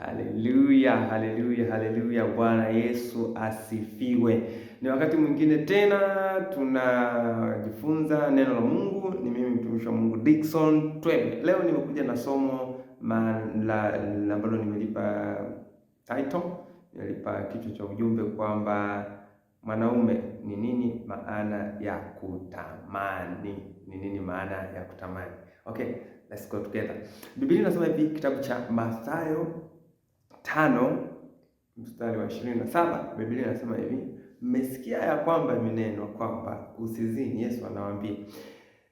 Haleluya, haleluya, haleluya! Bwana Yesu asifiwe. Ni wakati mwingine tena tunajifunza neno la Mungu. Ni mimi mtumishi wa Mungu Dickson Twebe. Leo nimekuja na somo ambalo nimelipa title, nimelipa kichwa cha ujumbe kwamba mwanaume, ni nini maana ya kutamani? Ni nini maana ya kutamani? Okay, let's go together. Biblia inasema hivi, kitabu cha Mathayo tano mstari wa ishirini na saba Biblia inasema hivi, mmesikia ya kwamba imenenwa kwamba usizini, Yesu anawaambia,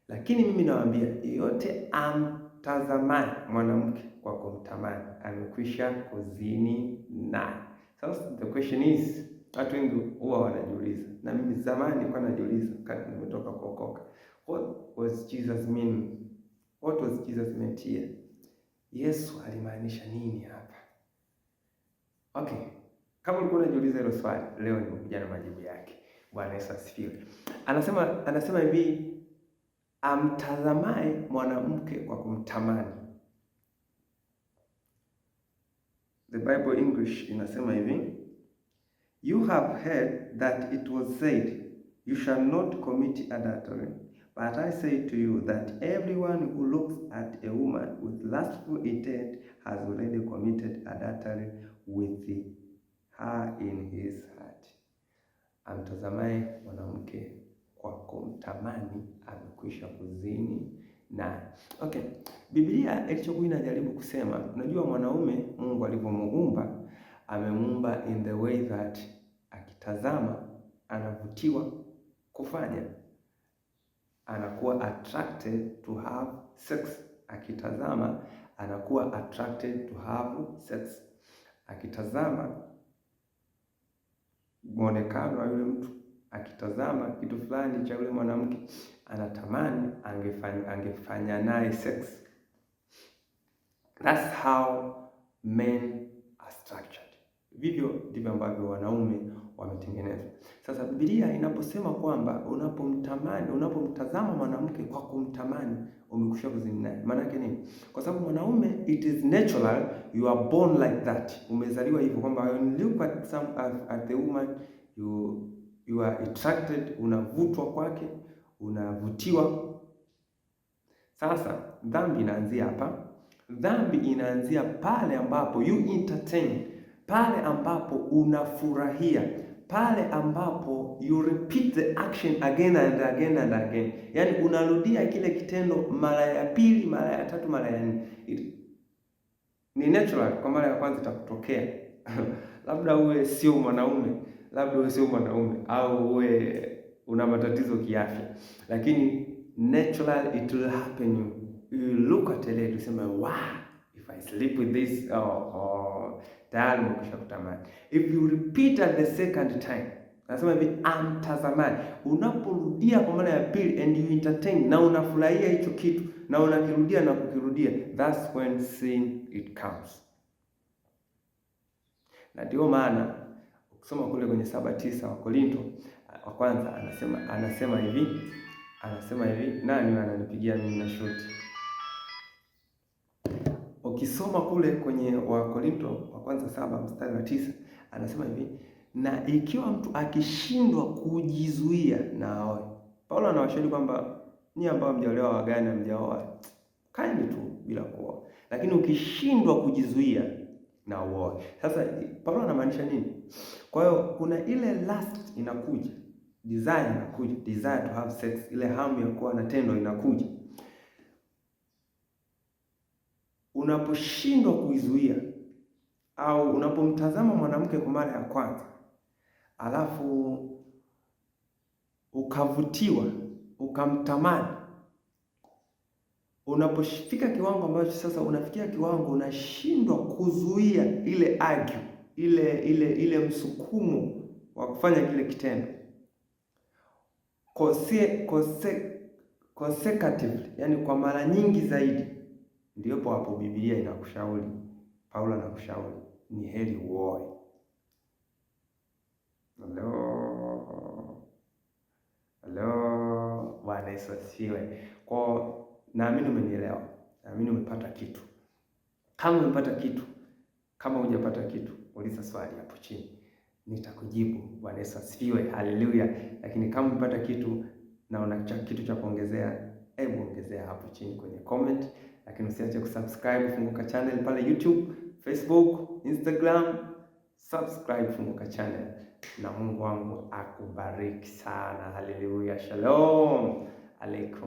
lakini mimi nawaambia yeyote amtazamaye mwanamke kwa kumtamani amekwisha kuzini naye. Sasa the question is, watu wengi huwa wanajiuliza, na mimi zamani kwa najiuliza wakati nimetoka kuokoka, what was Jesus mean? What was Jesus meant here? Yesu alimaanisha nini hapa? Okay, kama ulikuwa unajiuliza hilo swali, leo nimekuja na majibu yake. Bwana Yesu asifiwe. Anasema anasema hivi, amtazamaye mwanamke kwa kumtamani. The Bible English inasema hivi, you have heard that it was said you shall not commit adultery but I say to you that everyone who looks at a woman with lustful intent has already committed adultery with her in his heart, amtazamaye mwanamke kwa kumtamani amekwisha kuzini naye. Okay, Biblia ilichokuwa inajaribu kusema, unajua mwanaume Mungu alivyomuumba amemuumba in the way that akitazama anavutiwa kufanya, anakuwa attracted to have sex akitazama anakuwa attracted to have sex, akitazama muonekano wa yule mtu, akitazama kitu fulani cha yule mwanamke anatamani angefanya, angefanya naye sex. That's how men are structured. Vivyo ndivyo ambavyo wanaume wametengenezwa. Sasa Biblia inaposema kwamba unapomtamani, unapomtazama mwanamke kwa kumtamani, umekwisha kuzini naye, maana yake nini? Kwa sababu mwanaume, it is natural, you are born like that, umezaliwa hivyo kwamba when you look at some at the woman you you are attracted, unavutwa kwake, unavutiwa. Sasa dhambi inaanzia hapa. Dhambi inaanzia pale ambapo you entertain, pale ambapo unafurahia pale ambapo you repeat the action again and again and again, yani unarudia kile kitendo mara ya pili, mara ya tatu, mara ya nne. Ni natural kwa mara ya kwanza itakutokea labda uwe sio mwanaume, labda uwe sio mwanaume au uwe una matatizo kiafya, lakini natural it will happen. You look at it, say, wow I sleep with this or, oh, tayari umekwisha kutamani. If you repeat at the second time, nasema hivi amtazamani, unaporudia kwa mara ya pili and you entertain, na unafurahia hicho kitu na unakirudia na kukirudia, that's when sin it comes. Na ndio maana ukisoma kule kwenye saba tisa wa Korinto uh, wa kwanza anasema anasema hivi anasema hivi, nani ananipigia mimi na shuti ukisoma kule kwenye Wakorinto wa kwanza saba mstari wa tisa anasema hivi, na ikiwa mtu akishindwa kujizuia na aoe. Paulo anawashauri kwamba ni ambao mjaolewa wagani mjaoa kaeni tu bila kuoa, lakini ukishindwa kujizuia na uoe. Sasa Paulo anamaanisha nini? Kwa hiyo kuna ile lust inakuja, desire inakuja, desire to have sex, ile hamu ya kuwa na tendo inakuja unaposhindwa kuizuia au unapomtazama mwanamke kwa mara ya kwanza, alafu ukavutiwa ukamtamani, unapofika kiwango ambacho sasa unafikia kiwango unashindwa kuzuia ile agyu, ile ile ile msukumo wa kufanya kile kitendo Conse, consecutively, yani kwa mara nyingi zaidi ndiyopo hapo Biblia inakushauri, Paulo anakushauri ni heri uoe. Halo. Halo. Bwana Yesu asifiwe. Kwa naamini umenielewa. Naamini umepata kitu. Kama umepata kitu, kama hujapata kitu, uliza swali hapo chini. Nitakujibu. Bwana Yesu asifiwe. Haleluya. Lakini kama umepata kitu na una kitu cha kuongezea, hebu ongezea hapo chini kwenye comment lakini usiache kusubscribe Funguka Channel pale YouTube, Facebook, Instagram. Subscribe Funguka Channel na Mungu wangu akubariki sana. Haleluya, shalom aleikum.